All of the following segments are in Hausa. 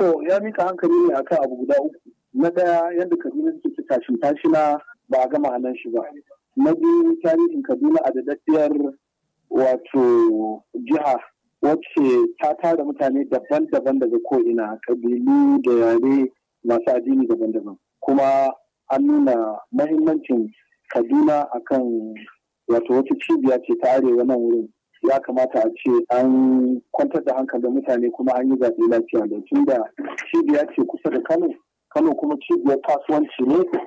To ya mika hankali ne akan abu guda uku. Na ɗaya yadda Kaduna suke ci tashin tashina ba a gama nan shi ba. Na biyu tarihin Kaduna a dadaddiyar wato jiha wacce ta tara mutane daban-daban daga ko'ina kabilu da yare masu addini daban-daban. Kuma an nuna mahimmancin Kaduna akan wato wata cibiya ce ta arewa nan wurin ya kamata a ce an kwantar da hankalin mutane kuma an yi zaɓe lafiya da tun da cibiya ce kusa da kano kano kuma cibiyar kasuwanci ne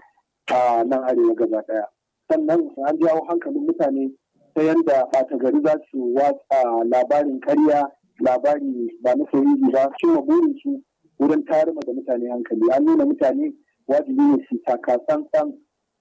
a nan arewa gaba ɗaya sannan an jawo hankalin mutane ta yadda ɓata gari za su watsa labarin karya labari ba na sauri ba burin burinsu wurin tarima da mutane hankali an nuna mutane wajibi ne su taka tsantsan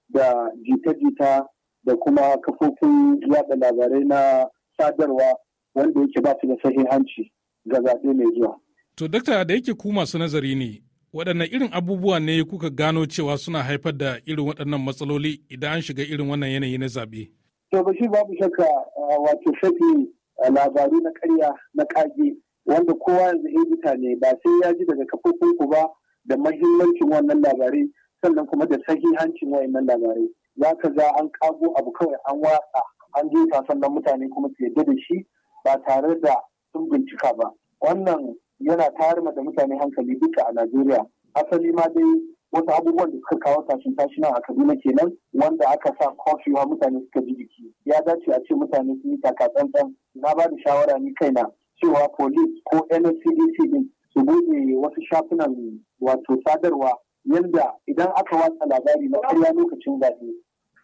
da jita-jita da kuma kafofin yada labarai na sadarwa wanda yake ba su da sahihanci ga zaɓe mai zuwa. To dakta da yake ku masu nazari ne waɗanne irin abubuwa ne kuka gano cewa suna haifar da irin waɗannan matsaloli idan an shiga irin wannan yanayi na zaɓe? To ba shi babu shakka ah, wato shafi ah, labaru na karya na ƙage wanda kowa yanzu ya mutane ba sai ya ji daga kafofin ku ba da mahimmancin wannan labarai sannan kuma da sahihancin wannan labarai. Za ka za an kago abu kawai an watsa an jefa sannan mutane kuma su yadda da shi ba tare da sun bincika ba wannan yana tayar da mutane hankali duka a najeriya asali ma dai wasu abubuwan da suka kawo tashin nan a kaduna kenan wanda aka sa kofiwa mutane suka ji jiki ya dace a ce mutane sun yi taka tsantsan na ba da shawara ni kaina cewa police ko nscdc din su buɗe wasu shafunan wato sadarwa yanda idan aka watsa labari na karya lokacin zaɓe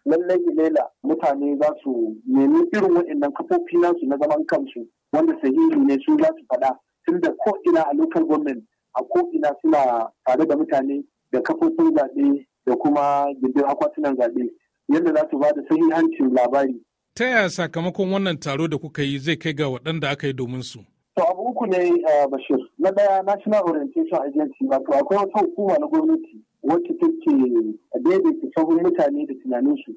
lallai ilela mutane za su nemi irin waɗannan kafofi nasu na zaman kansu wanda sahihi ne su za su faɗa tunda ko ina a local government a ko ina suna tare da mutane da kafofin zaɓe da kuma gindin akwatunan zaɓe yadda za su ba da sahihancin labari. Ta yaya sakamakon wannan taro da kuka yi zai kai ga waɗanda aka yi domin su? To abu uku ne eh, Bashir. Na ɗaya National Orientation Agency wato akwai wata hukuma na gwamnati wacce take daidaita sahun mutane da tunaninsu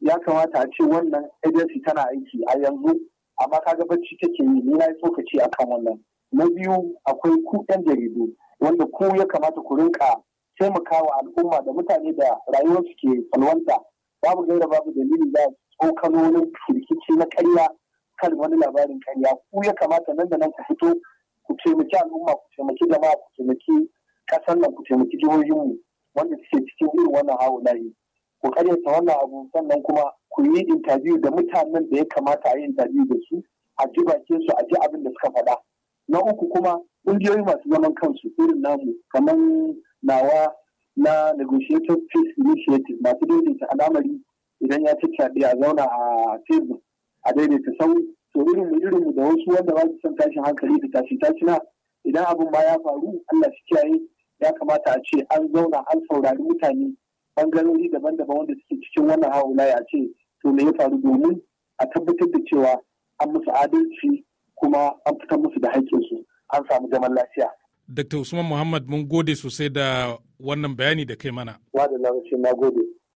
ya kamata a ce wannan agency tana aiki a yanzu amma kaga bacci take yi ni na yi tsokaci a kan wannan na biyu akwai ku yan jaridu wanda ku ya kamata ku rinka taimakawa al'umma da mutane da rayuwarsu ke salwanta babu gaira babu dalili za su tsokano wani firkici na karya kan wani labarin karya ku ya kamata nan da nan ku fito ku taimaki al'umma ku taimaki jama'a ku taimaki kasan nan ku taimaki jihohinmu wanda suke cikin irin wannan haulayi ku karyata wannan abu sannan kuma ku yi intabiyu da mutanen da ya kamata a yi intabiyu da su a ji bakin su a ji abin da suka faɗa na uku kuma ƙungiyoyi masu zaman kansu irin namu kamar nawa na negotiated peace initiative masu daidaita al'amari idan ya ci caɗe a zauna a tebur a daidaita sauri to irin mu irin mu da wasu wanda ba su son tashin hankali da tashi na idan abin ma ya faru Allah shi kiyaye ya kamata a ce an zauna an saurari mutane bangarori daban-daban wanda suke cikin wannan haulaya a ce to me ya faru domin a tabbatar da cewa an musu adalci kuma an fitar musu da haƙƙinsu an samu zaman lafiya. Dr. Usman Muhammad mun gode sosai da wannan bayani da kai mana. Wa da na gode.